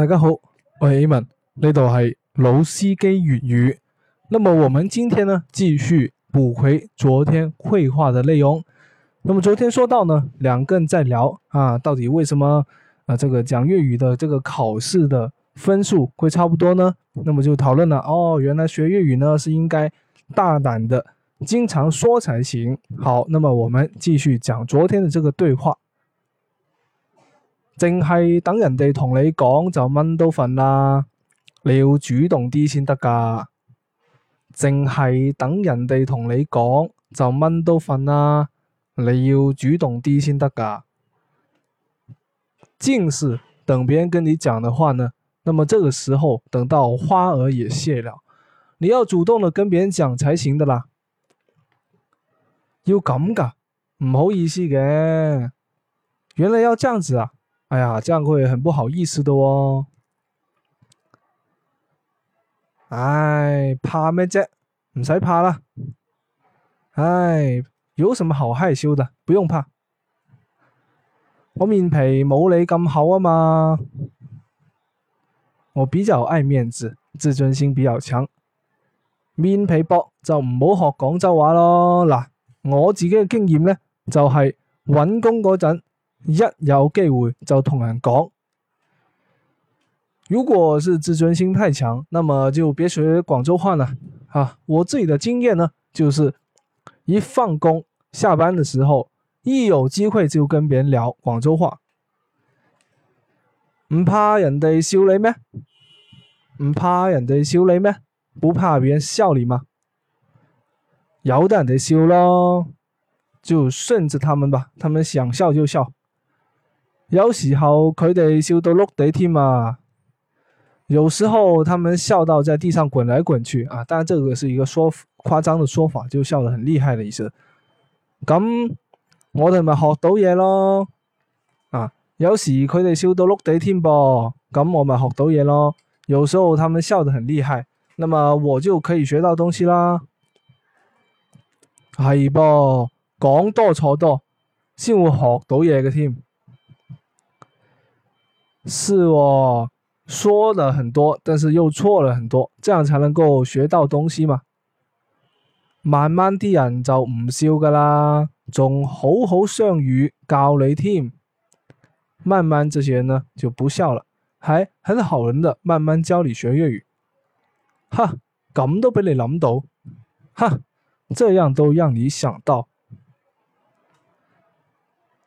大家好，我係 A 文，呢度係老司機粵語。那麼我們今天呢繼續補回昨天會話的內容。那麼昨天說到呢，兩個人在聊啊，到底為什麼啊，這個講粵語的這個考試的分數會差不多呢？那麼就討論了哦，原來學粵語呢是應該大膽的經常說才行。好，那麼我們繼續講昨天的這個對話。淨係等人哋同你講就蚊都瞓啦，你要主動啲先得噶。淨係等人哋同你講就蚊都瞓啦，你要主動啲先得噶。正是等別人跟你講的話呢，那麼這個時候等到花兒也謝了，你要主動地跟別人講才行的啦。要咁噶？唔好意思嘅，原來要這樣子啊。哎呀，這樣會很不好意思的哦。唉，怕咩啫？唔使怕啦。唉，有什麼好害羞的？不用怕，我面皮冇你咁厚啊嘛。我比較愛面子，自尊心比較強。面皮薄就唔好學廣州話咯。嗱，我自己嘅經驗呢，就係、是、搵工嗰陣。一有機會就同人講。如果是自尊心太強，那麼就別學廣州話了。啊，我自己的經驗呢，就是一放工、下班的時候，一有機會就跟別人聊廣州話。唔、嗯、怕人哋笑你咩？唔、嗯、怕人哋笑你咩？不怕別人笑你嗎？有就得笑咯，就順著他們吧，他們想笑就笑。有時候佢哋笑到碌地添啊！有時候他們笑到在地上滾來滾去啊，但係這個是一個說誇張的說法，就笑得很厲害的意思。咁我哋咪學到嘢咯啊！有時佢哋笑到碌地添噃，咁我咪學到嘢咯。有時候他們笑得很厲害，那麼我就可以學到東西啦。係噃，講多錯多，先會學到嘢嘅添。是哦，說了很多，但是又錯了很多，這樣才能夠學到東西嘛。慢慢啲人就唔笑噶啦，仲好好相語教你添。慢慢這些人呢就不笑了，還還是好人的慢慢教你學粵語，哈，咁都俾你諗到，哈，這樣都讓你想到。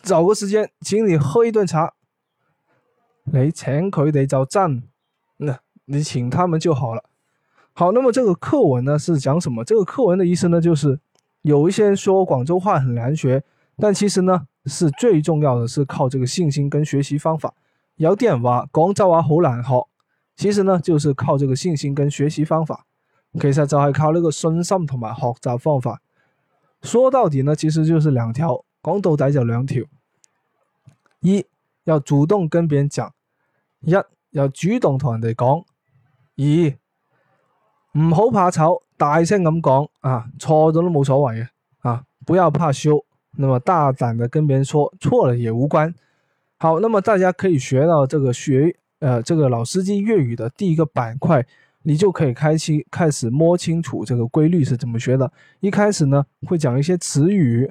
找個時間請你喝一頓茶，你請佢哋就讚。那你請他們就好了。好，那麼這個課文呢是講什麼？這個課文的意思呢就是，有一些人說廣州話很難學，但其實呢是最重要的，是靠這個信心跟學習方法。有啲人話廣州話好難學，其實呢就是靠這個信心跟學習方法，其實就係、是、靠那個信心同埋學習方法。說到底呢，其實就是兩條。講到底就兩條：一要主動跟別人講，一要主動同人哋講；二唔好怕醜，大聲咁講啊，錯咗都冇所謂嘅啊！不要怕羞，那麼大膽地跟別人說，錯了也無關。好，那麼大家可以學到這個學，呃這個老司機粵語的第一個板塊，你就可以開始開始摸清楚這個規律是怎麼學的。一開始呢，會講一些詞語。